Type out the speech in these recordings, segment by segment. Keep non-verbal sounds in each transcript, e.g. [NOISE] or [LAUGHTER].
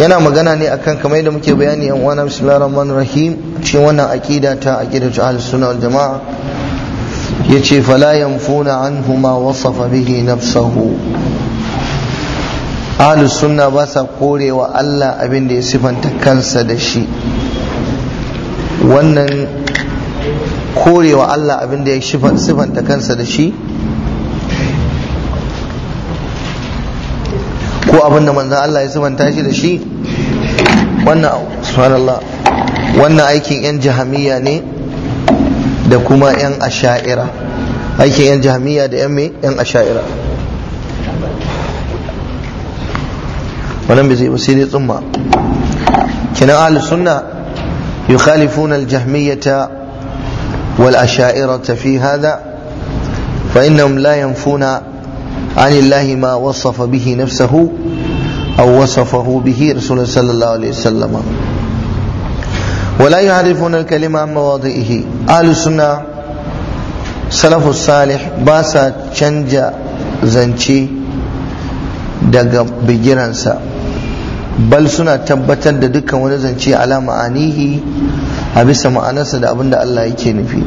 yana magana ne akan kamar yadda muke bayani yan uwana bismillahir rahmanir rahim cikin wannan aqida ta aqidatu ahlus sunna wal jamaa yace fala yanfuna anhu ma wasafa bihi nafsuhu ahlus sunna ba sa korewa Allah abin da ya sifanta kansa da shi wannan korewa Allah abin da ya sifanta kansa da shi ko abin da manzan Allah ya sifanta shi da shi wannan subhanallah wannan aikin yan jahamiya ne da kuma yan asha'ira aikin yan jahamiya da yan me yan asha'ira wannan bai zai sai dai tsumma kina ahlus sunna yukhalifuna al-jahmiyata wal asha'ira fi hadha fa innahum la yanfuna عن الله ما وصف به نفسه أو وصفه به رسول صلى الله عليه وسلم ولا يعرفون الكلمة عن مواضعه أهل السنة سلف الصالح باسا تشنجا زنشي daga bigiransa bal suna tabbatar da dukkan wani zance ala ma'anihi a bisa ma'anarsa da abin da Allah yake nufi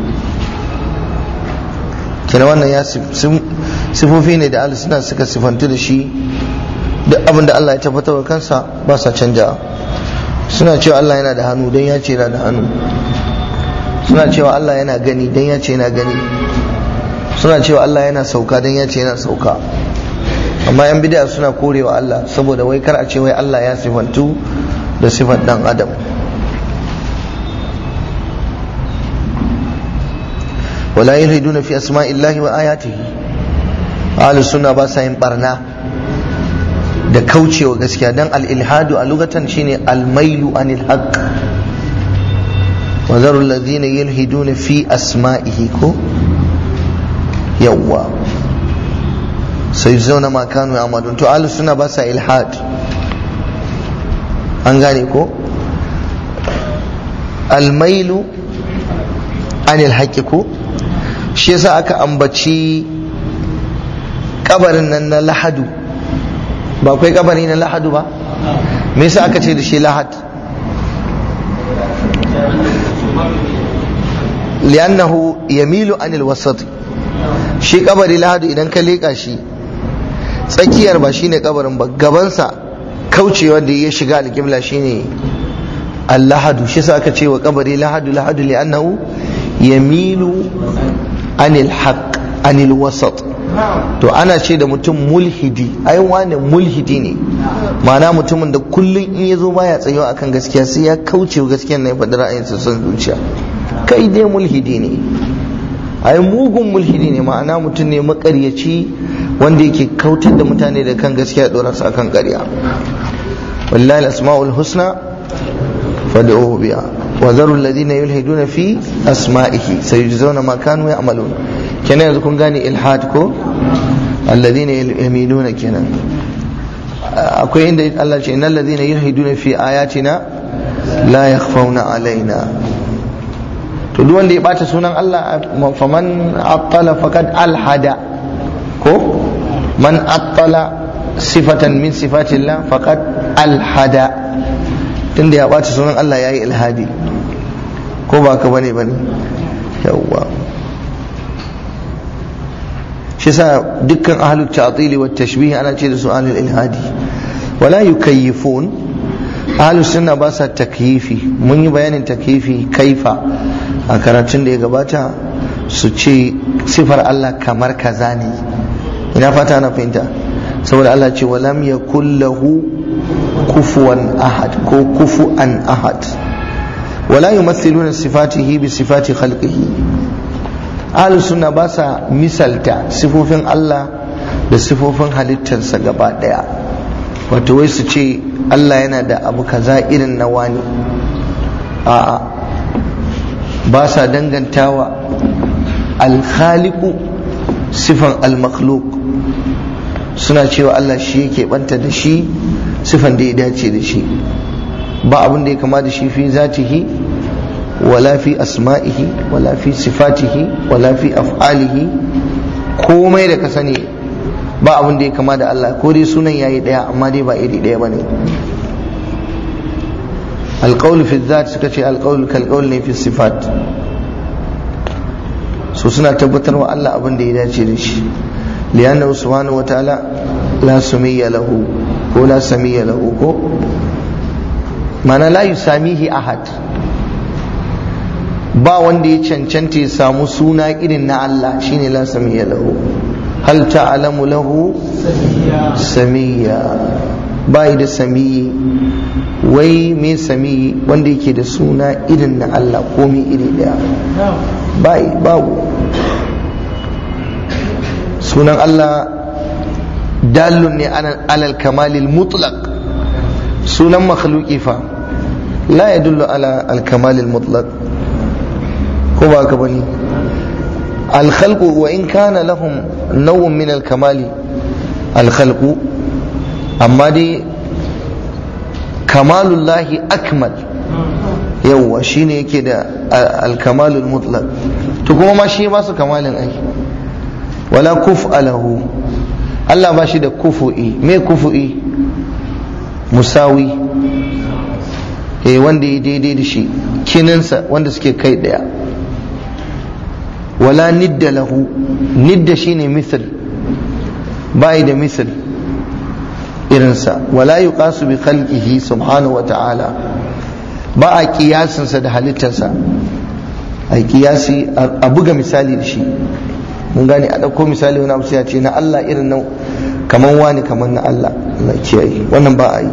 kina wannan ya sifofi ne da suna suka sifantu da shi duk abin da Allah ya tabbatar kansa ba sa canja suna cewa Allah yana da hannu don ya ce yana da hannu suna cewa Allah yana gani don ya ce yana gani suna cewa Allah yana sauka don ya ce yana sauka amma yan bid'a suna korewa Allah saboda wai kar a ce wai Allah ya sifantu da sifan dan adam wala yuriduna fi asma'illahi wa ayatihi ahlus sunna ba sa yin barna da kaucewa gaskiya dan al-ilhadu a lugatan shine al-mailu anil haqq wa zaru alladhina yulhiduna fi asma'ihi ko yawwa sai zauna ma kanu amadun to ahlus sunna ba sa ilhad an gane ko al-mailu anil haqqi ko shi yasa aka ambaci kabarin nan na lahadu ba kai kabari na lahadu ba me yasa aka ce da shi lahad li'annahu yamilu anil wasat shi kabari lahadu idan ka leka shi tsakiyar ba shine kabarin ba gabansa kaucewa da ya shiga alƙibla shine allahadu shi sa aka ce wa kabari lahadu lahadu li'annahu yamilu anil haqq anil wasat to ana ce da mutum mulhidi ai wane mulhidi ne ma'ana mutumin da kullum in ya zo baya tsayuwa akan gaskiya sai ya kauce gaskiyar na ya faɗi ra'ayinsa son zuciya kai dai mulhidi ne ai mugun mulhidi ne ma'ana mutum ne makaryaci wanda yake kautar da mutane da kan gaskiya dora su akan ƙarya wallahi asmaul husna fad'uhu biha wa zaru alladhina yulhiduna fi asma'ihi sayujzauna ma kanu ya'malun kenan yanzu kun gane ilhad ko alladhina yaminuna kenan akwai inda Allah ce innal ladina yuhiduna fi ayatina la yakhfawna alaina to duk wanda ya bata sunan Allah faman attala faqad alhada ko man attala sifatan min Allah faqad alhada tunda ya bata sunan Allah yayi ilhadi ko ba ka bane bane yawwa shi yasa dukkan ahlul ta'til wa tashbih ana ce da su ahlul ilhadi wala yukayyifun ahlus sunna ba sa takyifi mun yi bayanin takyifi kaifa a karatun da ya gabata su ce sifar Allah kamar kaza ne ina fata ana fahimta saboda Allah ce walam yakul lahu kufuwan ahad ko kufu'an ahad wala yumathiluna sifatihi bi sifati khalqihi ahlus suna ba sa misalta sifofin Allah da sifofin halittarsa gaba daya wato wai su ce Allah yana da abu kaza irin na wani a'a ba sa dangantawa alkhaliku sifan almakhluk suna cewa Allah shi yake banta da shi sifan da ya dace da shi ba abin da ya kama da shi fi zatihi wala fi asma'ihi wala fi sifatihi wala fi af'alihi komai da ka sani ba abin da ya kama da Allah ko dai sunan yayi daya amma dai ba iri daya bane alqaul fi dhat suka ce alqaul kal qaul ne fi sifat so suna tabbatar wa Allah abin da ya dace da shi liyanna subhanahu wataala la sumiyya lahu ko la samiyya lahu ko mana la yusamihi ahad ba wanda ya cancanta ya samu suna irin na Allah shine la samiyya lahu hal ta'lamu lahu samiya bai da samiyi wai me samiyi wanda yake da suna irin na Allah ko komai iri daya bai babu sunan Allah dalun ne alal kamalil mutlaq sunan makhluqi fa la yadullu ala al kamalil mutlaq ko ba ka bani alkhalqu wa in kana lahum nawm min alkamali alkhalqu amma dai kamalullahi akmal yawa shine yake da alkamalul mutlaq to kuma ma shi ba su kamalin ai wala kuf'alahu Allah ba shi da kufu'i me kufu'i musawi eh wanda ya daidai da shi kininsa wanda suke kai daya wala nidda lahu nidda shine misal bai da misal irinsa wala yuqasu bi khalqihi subhanahu wa ta'ala ba a kiyasinsa da halittarsa a kiyasi a buga misali da shi mun gane a ɗauko misali wani abu sai ce na Allah irin nan kaman wani kaman na Allah Allah yi wannan ba a yi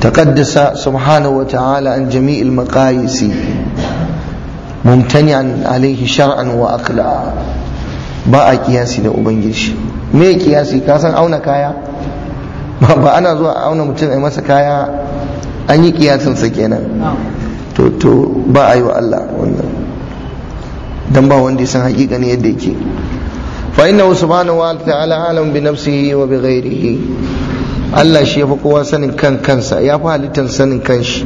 تقدس سبحانه وتعالى an jami'il maqayisi an alaihi shar'an wa akla ba a kiyasi da ubangiji me kiyasi ka san auna kaya ba ana zuwa auna mutum ai masa kaya an yi kiyasin sa kenan to to ba a yi wa Allah wannan dan ba wanda ya san hakika ne yadda yake fa inna subhanahu wa ta'ala alam bi nafsihi wa bi ghairihi Allah shi ya fi kowa sanin kan kansa ya fi halittar sanin kanshi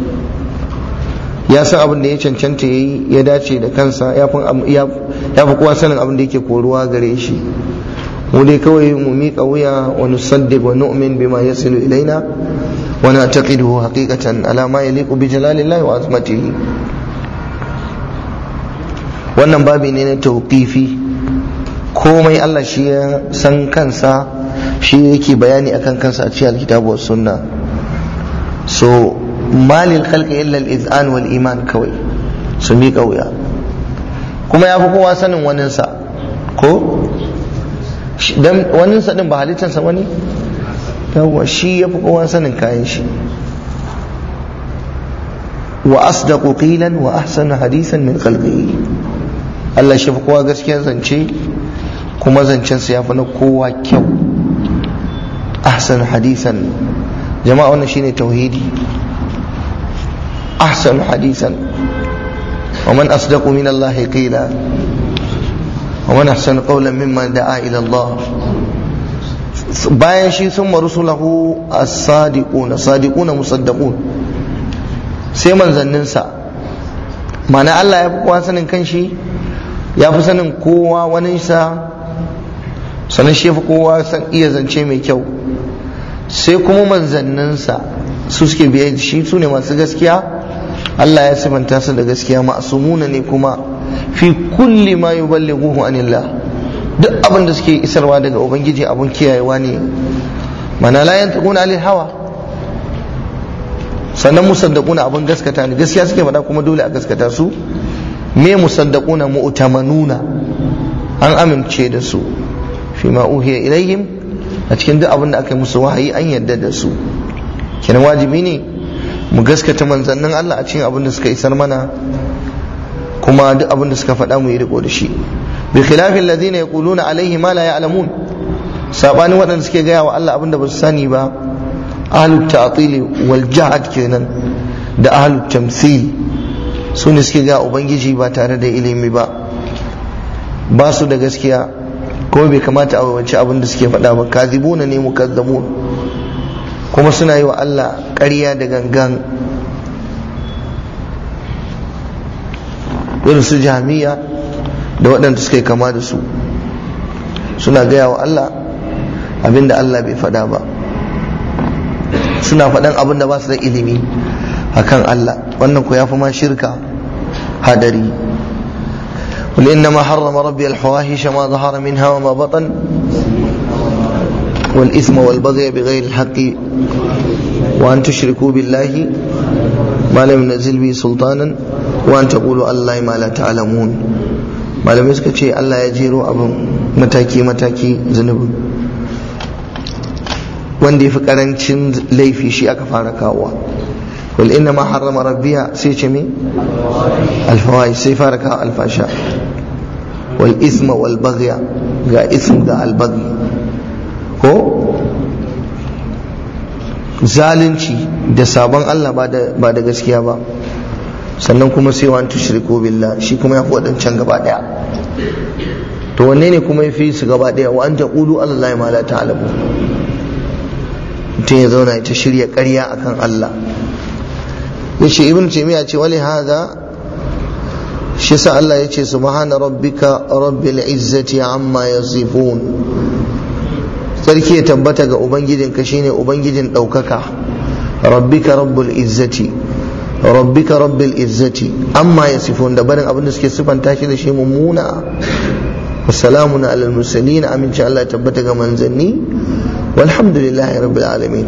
ya san abin da ya cancanta ya yi ya dace da kansa ya fi kowa sanin abin da yake koruwa gare shi mu dai kawai mu miƙa wuya wa nusaddiq wa nu'min bima yasilu ilaina wa na'taqidu haqiqatan ala ma yaliqu bi jalalillahi wa azmatihi wannan babi ne na tauqifi komai Allah shi ya san kansa shi yake bayani akan kansa a cikin alkitabu sunna so Malin khalqi illa al-iz'an wal iman kawai su miƙa wuya kuma ya fi kowa sanin waninsa ko dan waninsa din ba halittarsa wani yawa shi ya fi kowa sanin kayan shi wa asdaqu qilan wa ahsana hadisan min qalbi Allah shi fi kowa gaskiyar zance kuma zancensa ya fi na kowa kyau ahsan hadisan jama'a wannan shine tauhidi أحسن حديثا ومن أصدق من الله قيلا ومن أحسن قولا ممن دعا إلى الله bayan shi sun marusulahu as-sadiquna sadiquna musaddaqun sai manzanninsa mana Allah ya fi kowa sanin kanshi ya fi sanin kowa waninsa sannan shi fi kowa san iya zance mai kyau sai kuma manzanninsa su suke biye shi su ne masu gaskiya Allah ya sifanta su da gaskiya ma'asumuna ne kuma fi kulli ma yuballighuhu anillah duk abin suke isarwa daga ubangiji abun kiyayewa ne mana la yantaquna alil hawa sannan musaddaquna abin gaskata ne gaskiya suke faɗa kuma dole a gaskata su me musaddaquna mu'tamanuna an amince da su fi ma uhiya ilayhim a cikin duk abin da aka yi musu wahayi an yadda da su kenan wajibi ne mu gaskata manzannin Allah a cikin abin da suka isar mana kuma duk abin da suka faɗa mu yi riko da shi bi khilafin ladina yaquluna alaihi ma la ya'lamun sabanin waɗanda suke gaya wa Allah abin da ba su sani ba ahlut ta'tili wal kenan da ahlut tamthil su ne suke gaya ubangiji ba tare da ilimi ba ba su da gaskiya ko bai kamata a wace abin da suke faɗa ba kazibuna ne mukazzamun kuma suna yi wa Allah ƙarya da gangan irin su jami'a da waɗanda suka yi kama da su suna gaya wa Allah abinda Allah bai faɗa ba suna faɗan abin ba su da ilimi a kan Allah wannan ku ya fi ma shirka hadari قل إنما حرم ربي الفواحش ما ظهر منها وما بطن والإثم والبغي بغير الحق وأن تشركوا بالله ما لم ينزل به سلطانا وأن تقولوا الله ما لا تعلمون ما لم يسكت شيء الله يجيروا أبو متاكي متاكي زنب وأن دي فكرن لي في شيء أكفار كاوا قل إنما حرم ربي سيشمي الفواحش سيفارك الفاشا والإثم والبغي غا إثم ذا البغي ko zalunci da sabon Allah ba da gaskiya ba sannan kuma sai wa tushriku billah shi kuma ya fi wadancan gaba daya to wanne ne kuma ya fi su gaba daya wa an taqulu Allah mala ta ta'lamu mutum ya zauna ya ta shirya ƙarya kan Allah ce ibn taymiya ce wale haza shi sa Allah ya ce subhana rabbika rabbil izzati amma yasifun sarki ya tabbata ga ka shine ubangijin ɗaukaka rabbika rabbul izzati rabbika rabbil izzati amma ya sifon da barin abin da suke sifanta shi da shi mummuna wasalamu na alal mursalin aminci Allah ya tabbata ga manzanni walhamdulillahi rabbil alamin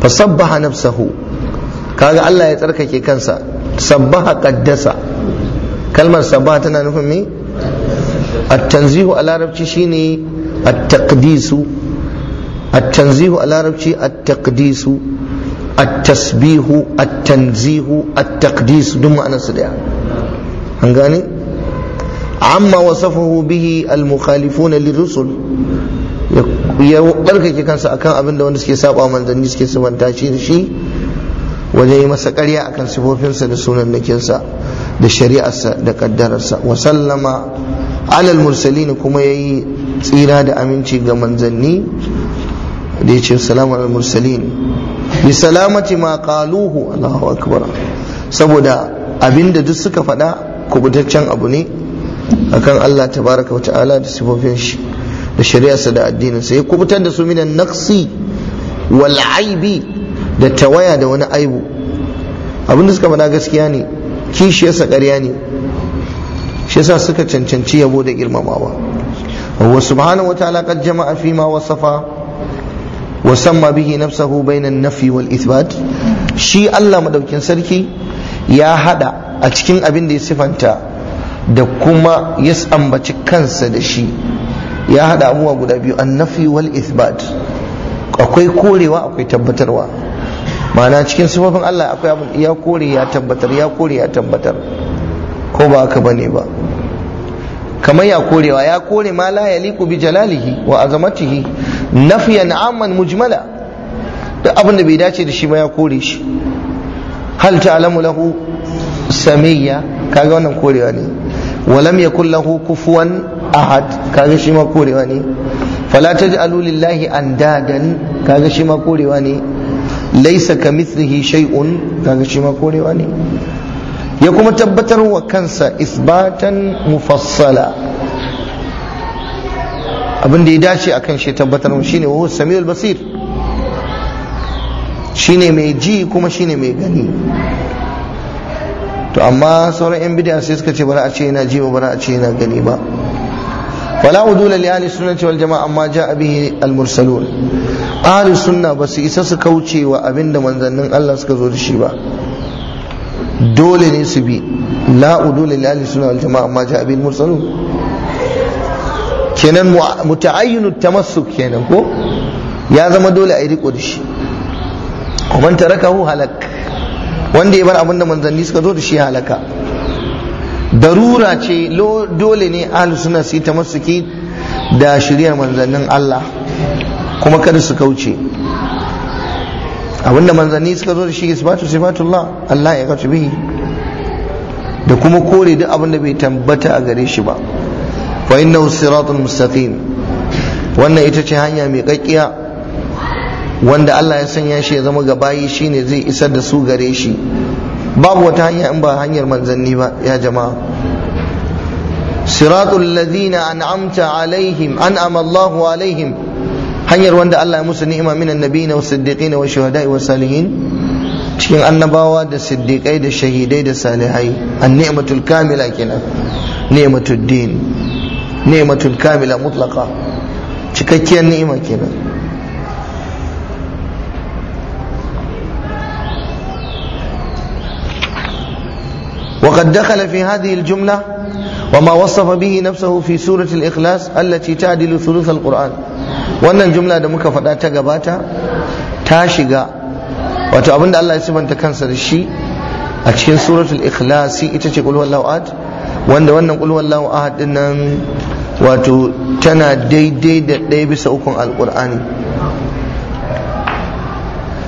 fasabbaha nafsahu kaga Allah ya tsarkake kansa sabbaha qaddasa kalmar sabbaha tana nufin me at-tanzihu a larabci shine التقديس التنزيه على العربي التقديس التسبيح التنزيه التقديس دم أنا سريع هنغاني عما وصفه به المخالفون للرسل ya barkake kansa akan abin da wanda suke saba manzanni suke sabanta shi da shi wajen yi masa karya akan sifofinsa da sunanakinsa, da shari'arsa da ƙaddararsa, wa alal mursalin kuma yayi tsira da aminci ga manzanni da yace salamu alal mursalin bi salamati ma qaluhu Allahu akbar saboda abinda duk suka faɗa kubutaccen abu ne akan Allah tabaraka wa ta'ala da sifofin shi da shari'arsa da addinin sa ya kubutar da su minan naqsi wal aibi da tawaya da wani aibu abinda suka faɗa gaskiya ne kishiyarsa ƙarya ne shi yasa suka cancanci yabo da girmamawa wa subhanahu wataala qad jama'a fi ma wasafa wa samma bihi nafsahu bayna an-nafi wal ithbat shi Allah madaukin sarki ya hada a cikin abin da ya sifanta da kuma ya ambaci kansa da shi ya hada abubuwa guda biyu an-nafi wal ithbat akwai korewa akwai tabbatarwa ma'ana cikin sifofin Allah akwai abin ya kore ya tabbatar ya kore ya tabbatar ko ba haka bane ba kamar ya korewa ya kore ma la liku bi jalalihi wa azamatihi nafiyan amman mujmala duk abin da bai dace da shi ba ya kore shi hal ta'lamu lahu samiyya kaga wannan korewa ne lam yakul lahu kufuwan ahad kaga shi ma korewa ne fala taj'alu lillahi andadan kaga shi ma korewa ne laysa kamithlihi shay'un kaga shi ma korewa ne ya kuma tabbatar wa kansa isbatan mufassala abin da ya dace a kan shi tabbatar wa shine wa basir shine mai ji kuma shine mai gani to amma sauran yan bidiyar sai suka ce bara a ce yana ji ba bara a ce yana gani ba wala udula li ahli sunnati wal jamaa amma jaa bihi al mursalun ahli sunna basu isa su kauce wa abinda manzannin Allah suka zo da shi ba dole ne su bi la'u dole ne ahli sunna wal amma ma abin mursalu mursalun kenan ta tamassuk kenan ko ya zama dole a yi riko da shi raka tarakahu halak wanda ya bar abinda manzanni suka zo da shi halaka darura ce dole ne ahli sunna su yi tamassuki da shirya manzannin Allah kuma kada su kauce abinda manzanni suka zo da shi isbatu sifatullah Allah ya kace bihi da kuma kore duk abin da bai tambata a gare shi ba fa innahu siratul mustaqim wannan ita ce hanya mai kakkiya wanda Allah ya sanya shi ya zama gabayi shine zai isar da su gare shi babu wata hanya in ba hanyar manzanni ba ya jama'a siratul ladina an'amta alaihim an'ama Allahu alaihim hanyar wanda Allah ya musu ni'ima minan nabiyina was siddiqin wa shuhada'i was salihin cikin annabawa da siddiqai da shahidai da salihai an-ni'matul kamila kenan ni'matud din ni'matul kamila mutlaqa cikakkiyar ni'ima kenan وقد دخل في هذه الجملة وما وصف به نفسه في سورة الإخلاص التي تعدل ثلث القرآن wannan jumla da muka faɗa ta gabata ta shiga wato abinda Allah ya sifanta kansa da shi a cikin suratul ikhlasi ita ce kulwar huwallahu ahad wanda wannan kulwar huwallahu ahad din nan wato tana daidai da ɗaya bisa ukun alqur'ani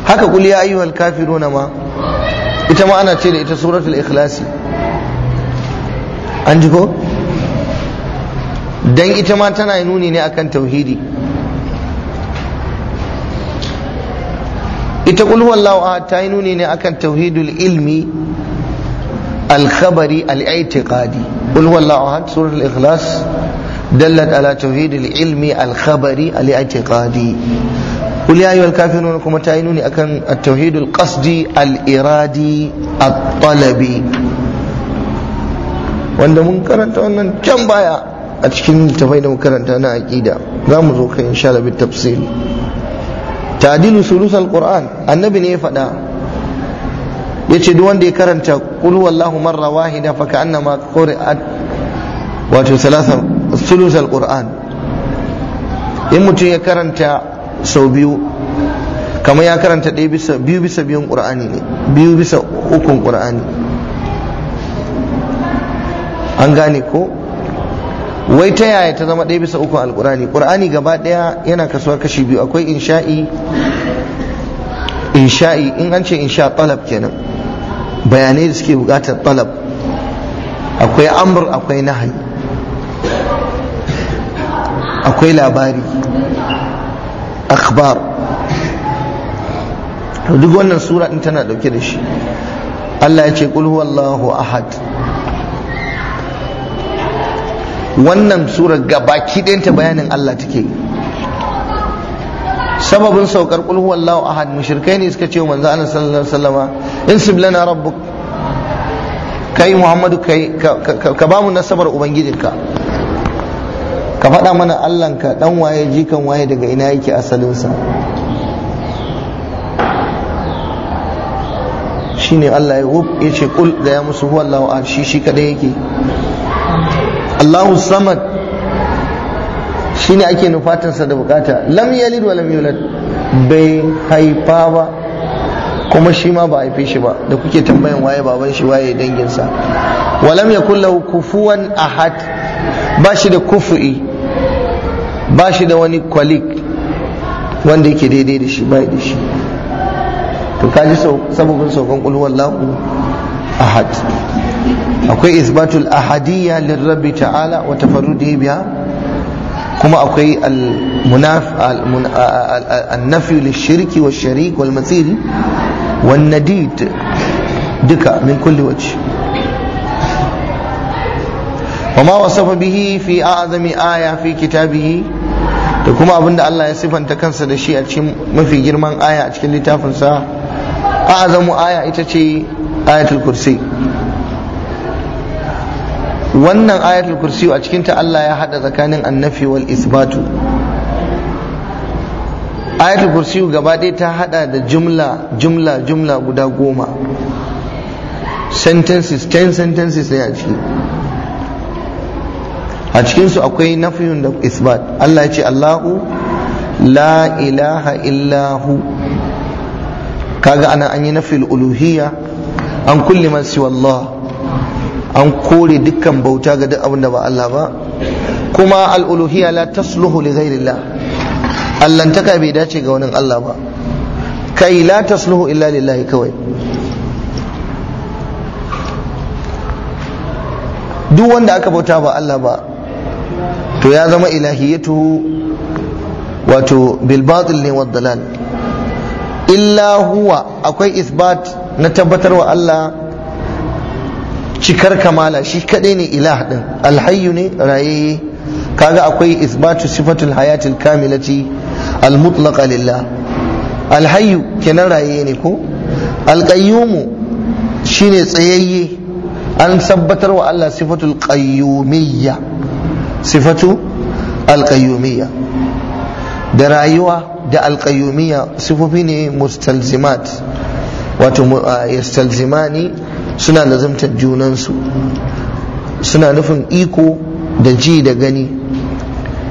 haka qul ya ayyuhal kafiruna ma ita ma ana ce da ita suratul ikhlasi an ji ko dan ita ma tana nuni ne akan tauhidi ita qul huwallahu ahad ta yi nuni ne akan tauhidul ilmi al-khabari al-i'tiqadi qul huwallahu ahad suratul ikhlas دلت على توحيد العلم الخبري kafin wani kuma ta yi nuni a أكن التوحيد القصدي الإرادي الطلبي wanda mun karanta wannan can baya a cikin tafai da mun karanta na aƙida za mu zo kai insha Allah tafsiri ta'dilu sulusal qur'an annabi ne ya faɗa yace duk wanda ya karanta qul wallahu marra wahida fa ka'annama qur'at wato salasa sulusal qur'an in mutum ya karanta sau biyu kamar ya karanta ɗaya bisa biyu bisa biyun qur'ani ne biyu bisa ukun qur'ani an gane ko wai ta yaya ta zama ɗaya bisa uku alkurani ƙur'ani gaba ɗaya yana kasuwa kashi biyu akwai insha'i insha'i in an ce insha talab kenan bayanai da suke buƙatar talab akwai amr akwai nahi akwai labari akhbar duk wannan sura ɗin tana ɗauke da shi Allah ya ce qul allahu ahad wannan surar gabaki ɗayanta bayanin Allah take sababin saukar kulhu wallahu ahad mushrikai ne suka ce manzo Allah sallallahu alaihi wasallama sib lana rabbuk kai Muhammadu kai ka ba mu nasabar ubangijinka ka faɗa mana ka dan waye jikan waye daga ina yake sa shine Allah ya wuf yace ce kul ga ya musu huwallahu ahad shi shi kadai yake Allahu samad shine ake nufatansa da bukata lam yalid wa lam yulad bai haifa ba kuma shi ma ba haife shi ba da kuke tambayan waye baban shi waye danginsa wa lam yakul lahu kufuwan ahad ba shi da kufu'i ba shi da wani kwalik wanda yake daidai da shi bai da shi to kaji sababin saukan kulhuwallahu ahad akwai isbatul ahadiyya lirrabi ta'ala wa tafarrudihi biha kuma akwai al-nafi lishirki wa sharik wal matsiri wal nadid duka min kulli waje وما وصف به في أعظم آية في كتابه da kuma abin da Allah ya sifanta kansa da shi a cikin mafi girman aya a cikin littafinsa a'azamu aya ita ce ayatul kursi wannan ayatul kursi a cikin ta Allah ya hada tsakanin annafi wal isbatu ayatul kursi gaba ɗaya ta hada da jumla jumla jumla guda goma sentences ten sentences ne a ciki a cikinsu akwai nafiyun da isbat Allah ya ce Allahu la ilaha illahu kaga ana an yi nafil uluhiyya an kulli man siwa Allah an kore dukkan bauta ga duk abin da ba Allah ba kuma al'uluhiyya la tasluhu li ghairillah allantaka bai dace ga wani Allah ba kai la tasluhu illa lillahi kawai duk wanda aka bauta ba Allah ba to ya zama ilahiyatu wato bil batil ne wa dalal illa huwa akwai isbat na tabbatar wa Allah cikar kamala shi kadai ne ilah din alhayyu ne raye kaga akwai isbatu sifatul hayatil kamilati almutlaqa lillah alhayyu kenan raye ne ko alqayyumu shine tsayayye an tabbatar wa Allah sifatul qayyumiyya sifatu alqayyumiyya da rayuwa da alqayyumiyya sifofi ne mustalzimat wato yastalzimani suna lazimtar junansu suna nufin iko da ji da gani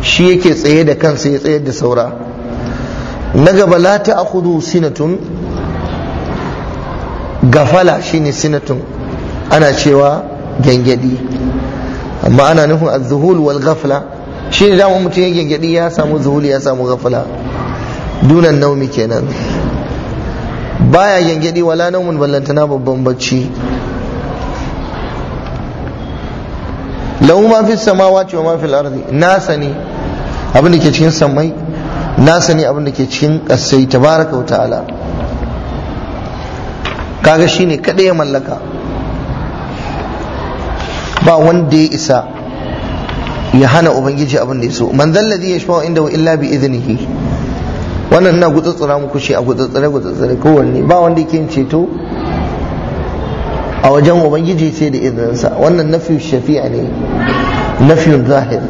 shi yake tsaye da kansa ya tsayar da saura na gaba la ta akudu sinatun gafala shine sinatun ana cewa gyangyadi amma ana nufin alzuhul wal ghafla shine da mutum ya gyangyaɗi ya samu zuhul ya samu gafala dunan naumi kenan baya gyangyaɗi wala naumun ballantana babban bacci lahu ma fi samawati wa ma fil ardi nasa ne abin da ke cikin samai nasa ne abin da ke cikin ƙasai tabaraka wa ta'ala kaga shine kada ya mallaka ba wanda ya isa ya hana ubangiji abin da ya so man zalladhi yashfa'u indahu illa bi idnihi wannan ina gutsatsura muku shi a gutsatsure gutsatsure kowanne ba wanda yake ceto a wajen ubangiji sai da izinsa wannan nafi shafi'a ne nafiyun zahir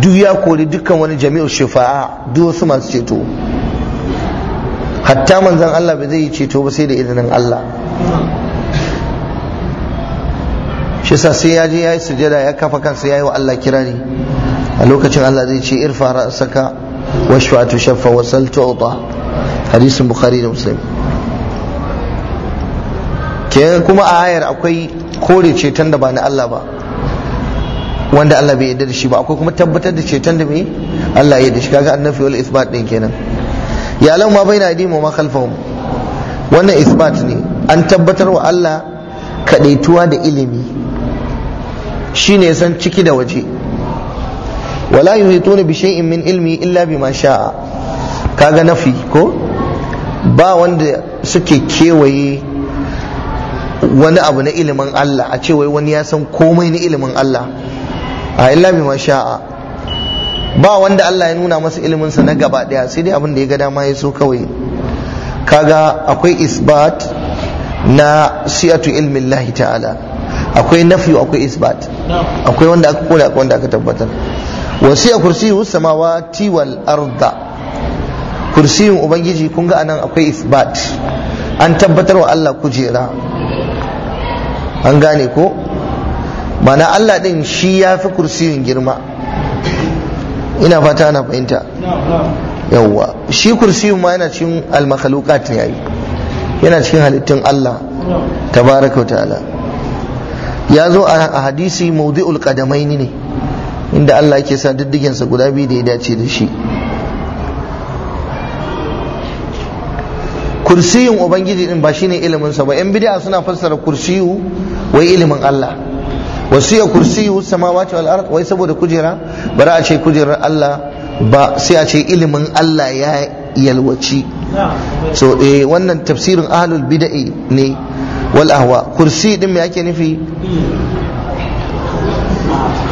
duk ya kori dukkan wani jami'ul shafa'a duk wasu masu ceto hatta manzon Allah ba zai yi ceto ba sai da izinin Allah shi sa sai ya je ya yi sujada ya kafa kansa ya yi wa Allah kirari a lokacin Allah zai ce irfa ra'saka washfa tushaffa wa sal tu'ta hadisin bukhari da muslim ke kuma a ayar akwai kore ceton da ba na Allah ba wanda Allah bai yarda da shi ba akwai kuma tabbatar da ceton da mai Allah ya yarda shi kaga annafi wal isbat din kenan ya alam ma baina adim ma khalfahum wannan isbat ne an tabbatar wa Allah kadaituwa da ilimi shine san ciki da waje wala yuhituna bi shay'in min ilmi illa bima sha'a kaga nafi ko ba wanda suke kewaye wani abu na ilimin Allah a ce wai wani ya san komai na ilimin Allah a illa bima sha'a ba wanda Allah ya nuna masa ilimin sa na gaba daya sai dai abin da ya ga dama ya so kawai kaga akwai isbat na siyatu ilmin Allah ta'ala akwai nafi akwai isbat akwai wanda aka kula akwai wanda aka tabbatar wasiya kursiyu samawati wal arda kursiyin ubangiji kun ga anan akwai isbat an tabbatar wa Allah kujera an gane ko mana Allah din shi ya fi kursiyin girma ina fata ana fahimta yawwa shi kursiyin ma yana cikin al-makhluqat ne yayi yana cikin halittun Allah tabaraka ta'ala ya zo a hadisi mawdi'ul qadamaini ne inda Allah yake sa diddigensa guda biyu da ya dace da shi kursiyin ubangiji din ba shine ilimin sa ba yan bid'a suna fassara kursiyu wai ilimin Allah wasu ya kursiyu samawati wal ard wai saboda kujera bara a ce kujerar Allah ba sai a ce ilimin Allah ya yalwaci so eh wannan tafsirin ahlul bid'a ne wal ahwa kursi din me ake nufi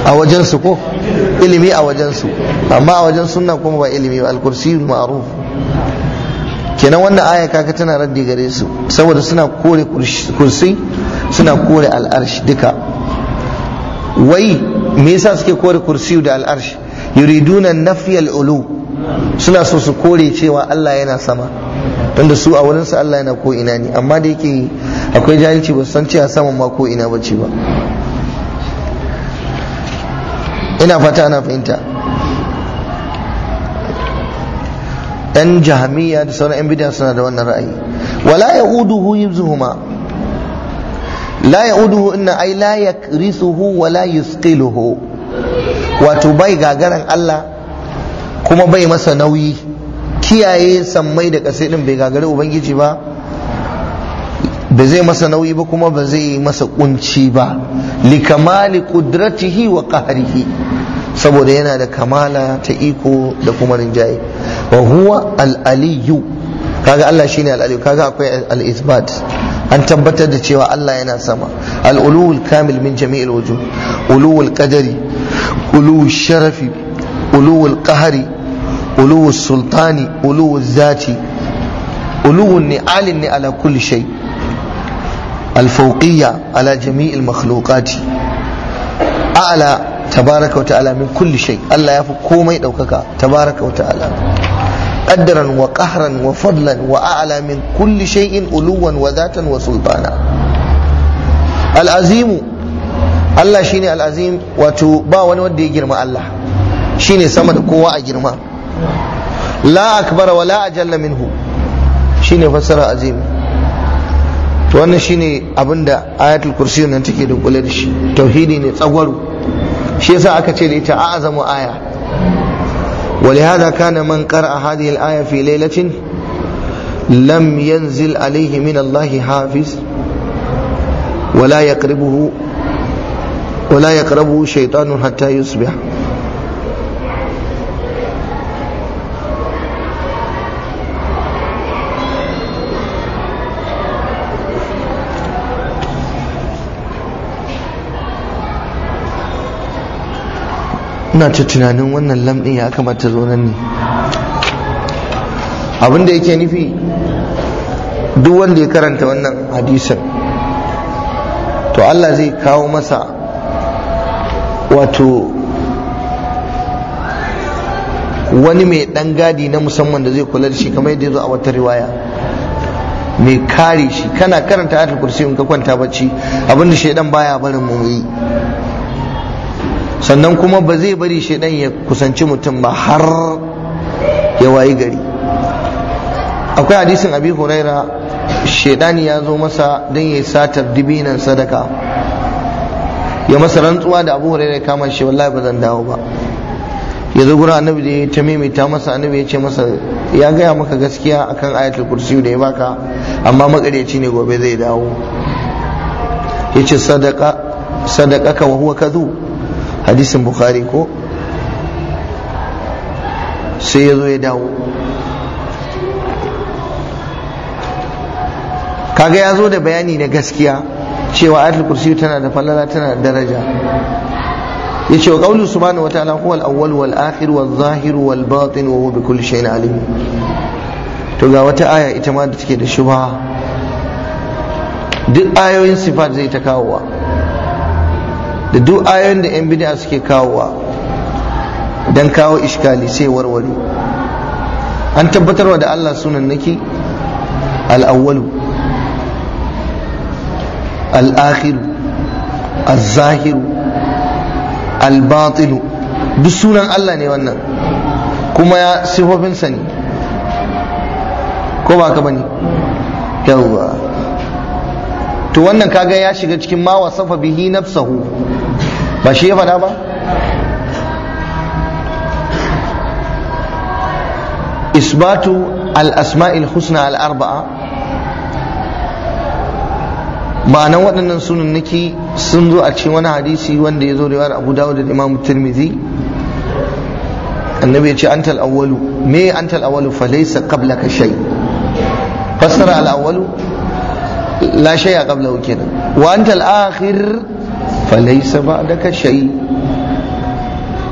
a wajen ko ilimi a wajen amma a wajen sunna kuma ba ilimi ba al-kursi ma'ruf kenan wannan aya kaga tana raddi gare su saboda suna kore kursi suna kore al'arsh duka wai me yasa suke kore kursi da al'arsh yuriduna nafiyal ulu suna so su kore cewa Allah yana sama tunda su a su Allah yana ko ina ne amma da yake akwai jahilci ba san cewa saman ma ko ina ce ba ina fata ana fahimta yan jahamiya da sauran yan bidiya suna da wannan ra'ayi wala uduhu yibzuhuma la ya'uduhu inna ai la yakrisuhu wa la yusqiluhu wato bai gagaran Allah kuma bai masa nauyi kiyaye sammai da kasai din bai gagari ubangiji ba ba zai masa nauyi ba kuma ba zai yi masa kunci ba likamali kudratihi wa qahrihi saboda yana da kamala ta iko da kuma rinjaye wa huwa al-aliyu kaga Allah shine al-aliyu kaga akwai al-isbat an tabbatar da cewa Allah yana sama al-ulul kamil min jami'il wujuh ulul qadari ulul sharafi ulul qahri ulul sultani ulul zati ulul ni ala kulli shay' alfauƙiyya ala jami'il makhluqati a'la tabaraka wa ta'ala min Allah ya fi komai ɗaukaka tabaraka wa ta'ala qaddaran wa qahran wa fadlan wa a'la min kulli uluwan wa zatan wa sultana al'azimu Allah shine al'azim wato ba wani wanda ya girma Allah shine sama da kowa a girma la akbara wa la ajalla minhu shine fassara azimu to wannan shine abinda ayatul kursi nan take da kula da shi tauhidi ne tsagwaro shi yasa aka ce da ita a'azamu aya ولهذا كان من قرأ هذه الآية في ليلة لم ينزل عليه من الله حافظ ولا يقربه ولا يقربه شيطان حتى يصبح ina ta tunanin wannan lamɗin ya kamata zo nan ne abin da yake nufi duk wanda ya karanta wannan hadisan, to Allah zai kawo masa wato wani mai ɗan gadi na musamman da zai kula da shi kamar yadda zo a wata riwaya mai kare shi kana karanta ayatul kursi in ka kwanta bacci abinda shaidan baya barin mu sannan kuma ba zai bari shaidan ya kusanci mutum ba har ya wayi gari akwai hadisin abi huraira shaidani ya zo masa don ya satar dibinan sadaka ya masa rantsuwa da abu huraira kama shi wallahi ba zan dawo ba ya zo gura annabi da ya ta masa annabi ya ce masa ya gaya maka gaskiya akan ayatul kursi da ya baka amma makaryaci ne gobe zai dawo ya ce sadaka sadaka ka wa huwa kadhu hadisin bukhari ko sai ya zo ya dawo kaga ya zo da bayani na gaskiya cewa ayatul kursi tana da falala tana da daraja yace wa qawlu subhanahu wa ta'ala huwa awwal wal akhir wal zahir wal batin wa huwa bi kulli shay'in alim to ga wata aya ita ma da take da shubha duk ayoyin sifat zai ta kawowa da duk ayoyin da 'yan bid'a suke kawowa don kawo iskali sai warware an tabbatarwa da Allah sunan nake al'awwalu al'akhiru al-zahiru al-batinu duk sunan Allah ne wannan kuma ya sifofinsa ne ko ba ka bane yauwa to wannan kaga ya shiga cikin ma wasafa bihi nafsahu ba shi ya faɗa ba isbatu al-asma'il husna al-arba'a nan waɗannan sunan nake sun zo a cikin wani hadisi wanda ya zo da riwayar abu dawo da imam tirmidhi annabi ya ce anta al-awwalu me anta al-awwalu fa laysa ka shay fassara al-awwalu la shay'a qablahu kenan wa anta al-akhir falaisa ba da ka shayi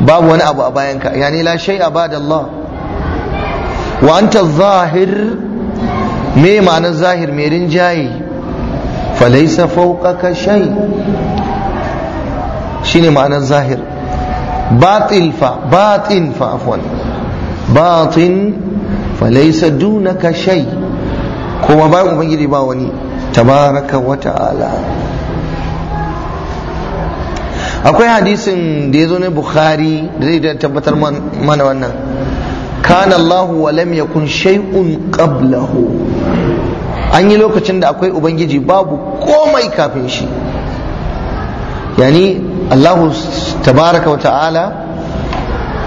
babu wani abu a bayanka yani la shai a bada Allah wa anta zahir me ma'anar zahir mai rinjaye falaisa fawqaka Shi ne ma'anar zahir batil fa batin fa afwan batin falaisa dunaka shay kuma bayan ubangiji ba wani tabaraka wata ta'ala akwai hadisin da ya zo na bukhari da zai tabbatar mana wannan kana Allah wa lam yakun shay'un qablahu an yi lokacin da akwai ubangiji babu komai kafin shi yani Allah tabaraka wa ta'ala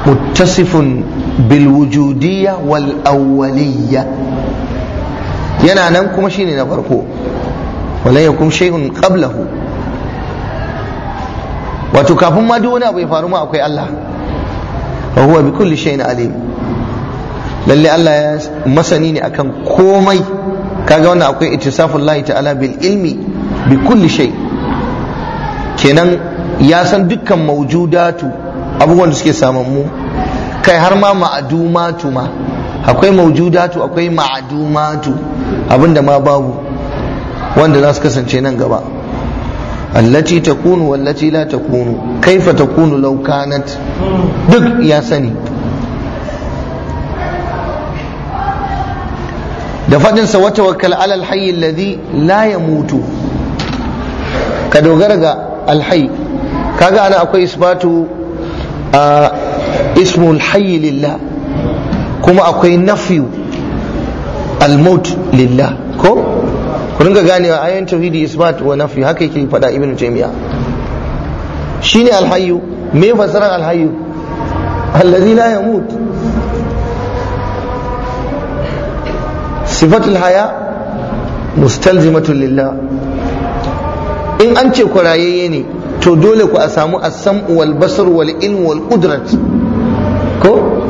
muttasifun bil wujudiyya wal awwaliyya yana nan kuma shine na farko wa yakun shay'un qablahu wato kafin ma duk wani abu ya faru ma akwai Allah wa huwa bi kulli shay'in alim lalle Allah ya masani ne akan komai kaga wannan akwai ittisafun Allah ta'ala bil ilmi bi kulli shay kenan ya san dukkan mawjudatu abubuwan da suke mu kai har ma ma'adumatu ma akwai mawjudatu akwai ma'adumatu abinda ma babu wanda za su kasance nan gaba allati takunu wallati la takunu kaifa takunu law kanat duk ya sani da fadin sa wa tawakkal ala alhayy alladhi la yamutu ka dogara ga alhayy kaga ana akwai isbatu a ismul hayy lillah kuma akwai nafyu maut lillah ko ku ga ganewa ayoyin tauhidi isbat wa nafi haka yake faɗa ibnu Shi shine alhayyu me fasaran alhayyu allazi la yamut sifatul haya mustalzimatun lillah in an ce ku rayayye ne to dole ku a samu a samu wal basar wal ilm wal qudrat ko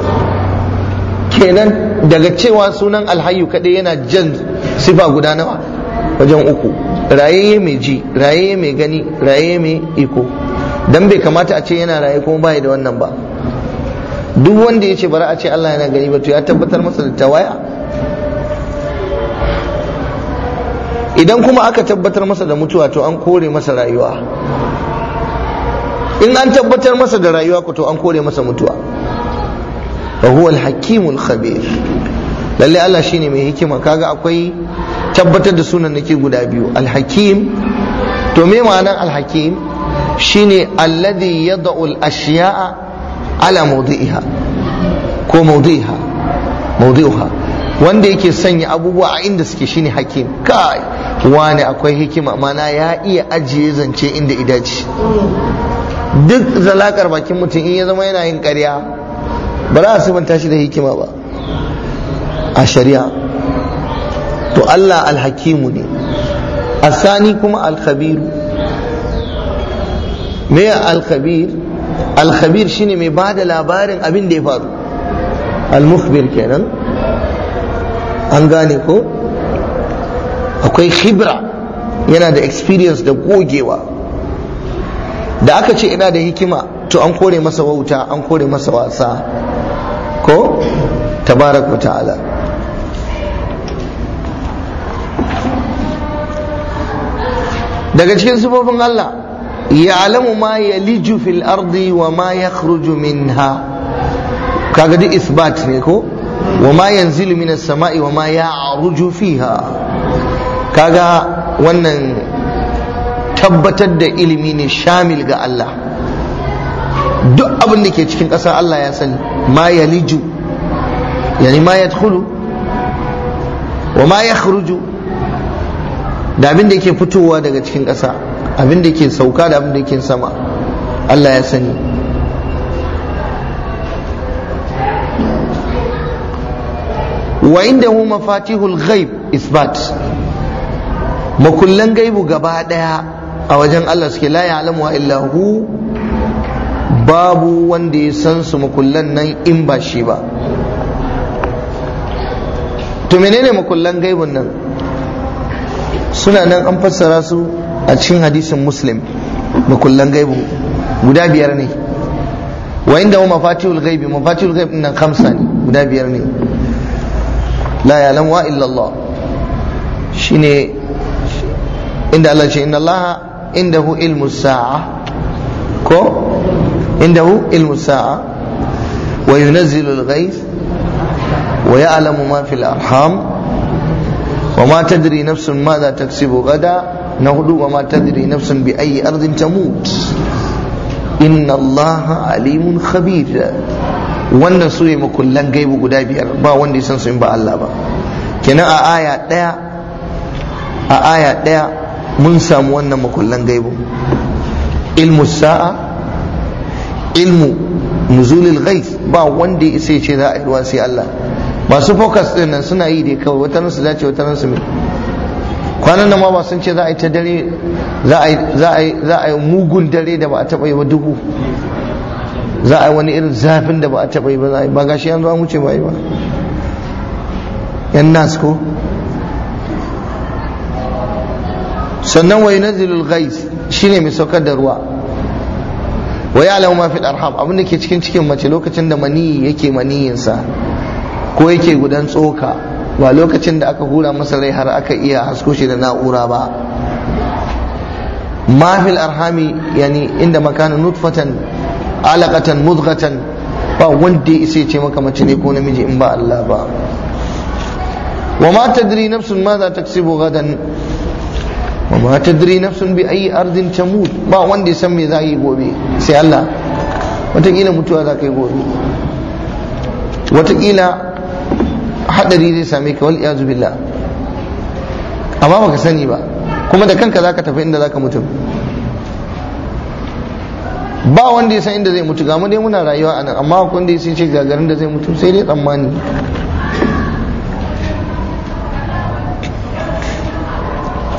kenan daga cewa sunan alhayyu kadai yana jan sifa guda nawa wajen uku raye mai ji raye mai gani raye mai iko dan bai kamata a ce yana raye kuma bai da wannan ba duk wanda ya ce bari a ce Allah yana gani ba to ya tabbatar masa da tawaya idan kuma aka tabbatar masa da mutuwa to an kore masa rayuwa in an tabbatar masa da rayuwa ko to an kore masa mutuwa wa huwa al-hakimul khabir lalle Allah shine mai hikima kaga akwai tabbatar da sunan nake guda biyu alhakim to me ma'anar alhakim shine alladhi yad'u al-ashya'a ala mawdi'iha ko mawdi'iha mawdi'uha wanda yake sanya abubuwa a inda suke shine hakim kai wani akwai hikima mana ya iya ajiye zance inda idaci duk zalakar bakin mutum in ya zama yana yin karya ba za a sumanta shi da hikima ba a shari'a to Allah alhakimu ne asani kuma alkhabiru me alkhabir alkhabir shine mai bada labarin abin da ya faru almukhbir kenan an gane ko akwai khibra yana da experience da gogewa da aka ce ina da hikima to an kore masa wauta an kore masa wasa ko tabarak wa ta'ala daga cikin sifofin Allah ya'lamu ma liju fil ardi wa ma min minha kaga duk isbat ne ko wa ma yanzilu minas sama'i wa ma ya'ruju fiha kaga wannan tabbatar da ilimi ne shamil ga Allah duk abin da ke cikin ƙasa Allah ya sani ma liju yani ma yadkhulu wa ma yakhruju da abin da yake fitowa daga cikin ƙasa abin da yake sauka da abin da yake sama Allah ya sani wa indahu mafatihul ghaib isbat makullan gaibu gaba ɗaya a wajen Allah suke la ya'lamu illa hu babu wanda ya san su makullan nan in ba shi ba to menene makullan gaibun nan suna nan an fassara su a cikin hadisin muslim makullan gaibu guda biyar ne wa inda wa mafatihul gaibi mafatihul gaibi nan kamsa ne guda biyar ne la ya'lamu wa illa Allah shine inda Allah ce inna Allah indahu ilmu sa'a ko indahu ilmu sa'a wa yunazzilu al-ghayth wa ya'lamu ma fil arham wa ma tadri nafsun ma taksibu gada na hudu wa ma tadri nafsun bi ayi ardin tamut inna allaha alimun khabir wannan su ne makullan gaibu guda biyar ba wanda ya san su in ba Allah ba kenan a aya ɗaya a mun samu wannan makullan gaibu ilmu sa'a ilmu nuzulil ghaib ba wanda ya ce za a yi ruwa sai Allah masu focus din nan suna yi dai kawai wata su dace wata su mai kwanan nan ma ba sun ce za a yi ta dare za a yi mugun dare da ba a taɓa yi ba dubu za a yi wani irin zafin da ba a taɓa yi ba za a yi ba gashi yanzu an wuce ba yi ba yan nas ko sannan wai na zilul gais ne mai saukar da ruwa Wai alamu mafi ɗarham abinda ke cikin cikin mace lokacin da mani yake maniyinsa ko yake gudan tsoka ba lokacin da aka hura masa rai har aka iya hasko shi da na'ura ba mafil arhami yani inda makana nutfatan alaqatan muzgatan ba wanda isai ce maka mace ne ko namiji in ba Allah ba wa ma tadri nafsun madha taksibu gadan wa ma tadri nafsun bi ayi ardin tamut ba wanda ya san me za yi gobe sai Allah wataƙila mutuwa za ka yi gobe wataƙila hadari zai same ka wal iyazu billah amma baka sani ba kuma da kanka zaka tafi inda zaka mutu ba wanda ya san inda zai mutu ga mu dai muna rayuwa anan amma akwai wanda ya sai ce gagarin da zai mutu sai dai tsammani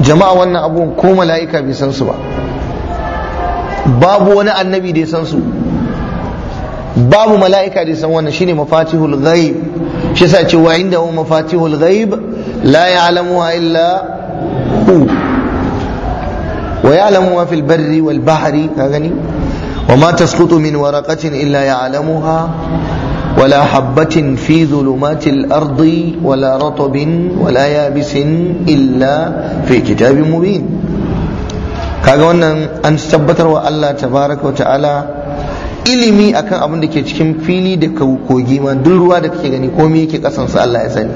jama'a wannan abubuwan ko mala'ika bai san su ba babu wani annabi da ya san su babu mala'ika da ya san wannan shine mafatihul ghaib shi yasa ce wa inda mafatihul ghaib la ya'lamuha illa hu wa ya'lamuha fil barri wal bahri ka gani wa ma tasqutu min waraqatin illa ya'lamuha ولا حبة في ظلمات الأرض ولا رطب ولا يابس إلا في كتاب مبين kaga wannan an tabbatar wa Allah tabaraka ta'ala ilimi akan abin da ke cikin fili da kogi ma duk ruwa da kake gani komai yake kasan su Allah ya sani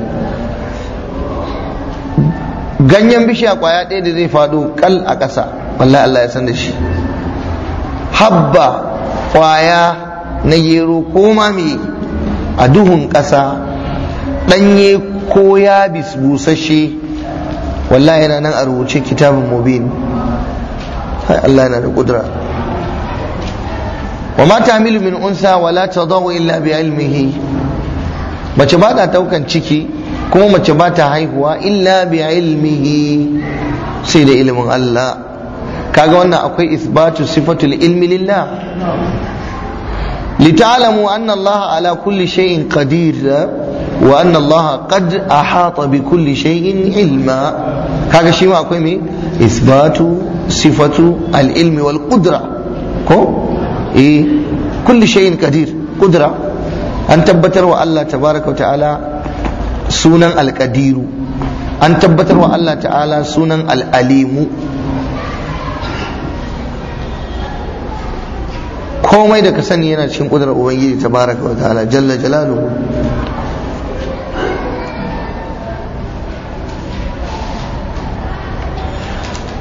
ganyen bishiya kwaya ɗaya da zai fado kal a ƙasa wallahi Allah ya san da shi habba kwaya na gero ko ma a duhun ƙasa ɗanye ko yabis busasshe wallahi yana nan a rubuce kitabun mubin Allah yana da kudura وما unsa من انثى ولا ila الا ilmihi? mace ba ta daukan ciki kuma mace ba ta haihuwa illa bi ilmihi sai da ilmin Allah kaga wannan akwai isbatu sifatul ilmi lillah li ta'lamu anna Allah ala kulli shay'in qadir wa anna Allah qad ahata bi kulli shay'in ilma kaga shi ma akwai me isbatu sifatu al ilmi wal qudra ko eh kulli shay'in kadir kudura an tabbatar wa Allah tabaraka wa ta'ala sunan alqadiru an tabbatar wa Allah ta'ala sunan al'alimu komai da ka sani yana cikin kudurar ubangiji tabaraka wa ta'ala jalla jalaluhu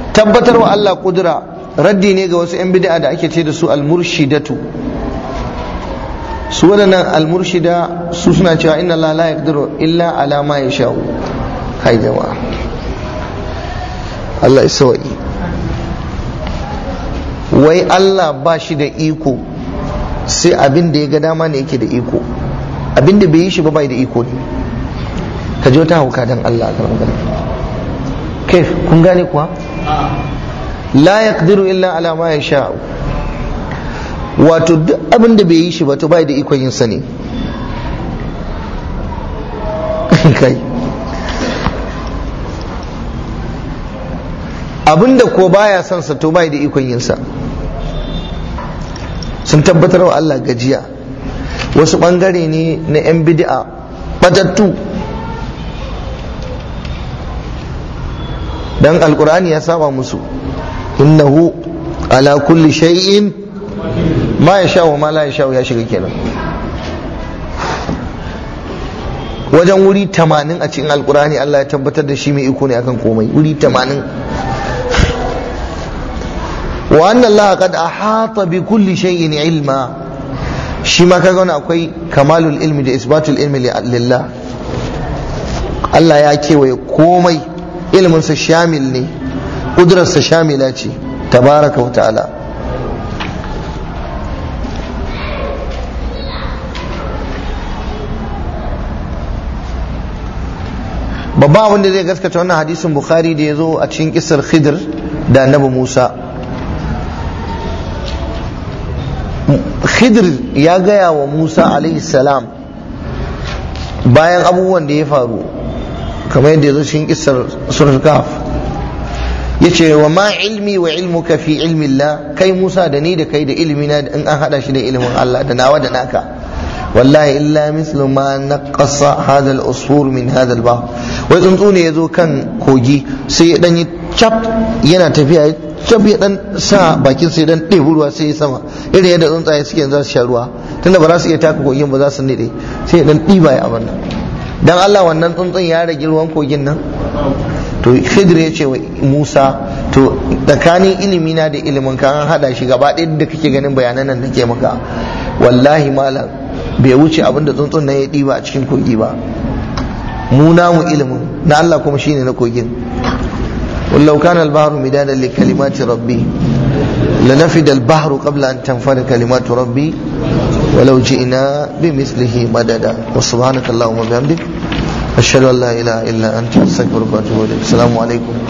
tabbatar wa Allah kudura raddi ne ga wasu 'yan bid'a da ake ce da su al-murshidatu su waɗannan al-murshida su suna cewa inna Allah la yaqdiru illa ala ma yasha'u hai jama'a Allah ya sawai wai Allah ba shi da iko sai abin da ya ga dama ne yake da iko abin da bai yi shi ba bai da iko ne ka ji wata hauka dan Allah a kan kai kun gane kuwa la yaqdiru illa ala ma yasha wato duk abin da bai yi shi ba to bai da ikon yin sa ne [LAUGHS] kai abin da ko baya son sa to bai da ikon yin sa sun tabbatar wa Allah gajiya wasu bangare ne na yan bid'a batattu dan alkur'ani ya saba musu innahu ala kulli shay'in ma yasha wa ma la yasha ya shiga kenan wajen wuri tamanin a cikin alkurani Allah ya tabbatar da shi mai iko ne akan komai wuri tamanin wa anna Allah qad ahata bi kulli shay'in ilma shi ma kaga wani akwai kamalul ilmi da isbatul ilmi lillah Allah ya kewaye komai ilmin sa shamil ne Kudurarsa shamila ce tabaraka wa ta'ala babba wanda zai gaskata wannan hadisin bukhari da ya zo a cikin kisar khidir da annabi musa khidir ya gaya wa musa alaihi salam bayan abubuwan da ya faru kamar yadda ya zo cikin kisar surkaf Ya ce wa ma ilmi wa ka fi ilmi la kai Musa da ni da kai da ilmi na in an hada shi da ilimin Allah da nawa da naka wallahi illa mislu ma naqasa hadha al-usfur min hadal al wai tsuntsu ne zo kan kogi sai ya dan yi chap yana tafiya chap ya dan sa bakin sai dan ɗebi ruwa sai ya sama irin yadda tsuntsaye suke za su sha ruwa tunda ba za su iya taka kogin ba za su nide sai ya dan ɗiba ya abin nan dan Allah wannan tsuntsun ya ragi ruwan kogin nan to khidr ya ce wa musa to tsakanin na da ilimin ka an hada shi gaba ɗaya da kake ganin bayanan nan nake maka wallahi malam bai wuce abin da tsuntsun nan ya ɗiba a cikin kogi ba mu namu ilimin na Allah kuma shine na kogin wallau kana al-bahru midadan li kalimati rabbi لنفد البحر قبل أن تنفد كلمات ربي ولو جئنا بمثله مددا وسبحانك اللهم وبحمدك ashhadu an ila ilaha illa anta astaghfiruka wa atubu ilaik assalamu alaikum